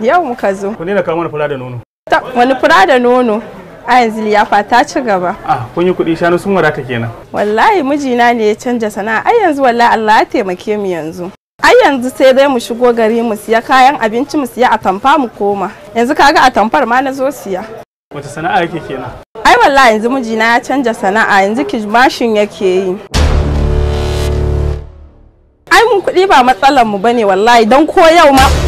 Yau muka zo. Kun daina kawo mana fura da nono. Wani fura da nono? A yanzu liyafa ta ci gaba. Ah, kun yi kuɗi shanu sun wadata kenan. Wallahi mijina ne ya canja sana'a. Ai yanzu wallahi Allah ya taimake mu yanzu. Ai yanzu sai dai mu shigo gari mu siya kayan abinci mu siya atamfa mu koma. Yanzu kaga atamfar ma na zo siya. Wata sana'a yake kenan? Ai wallahi yanzu mijina ya canja sana'a yanzu kishmashin yake yi. Ai mun kuɗi ba matsalar mu bane wallahi don ko yau ma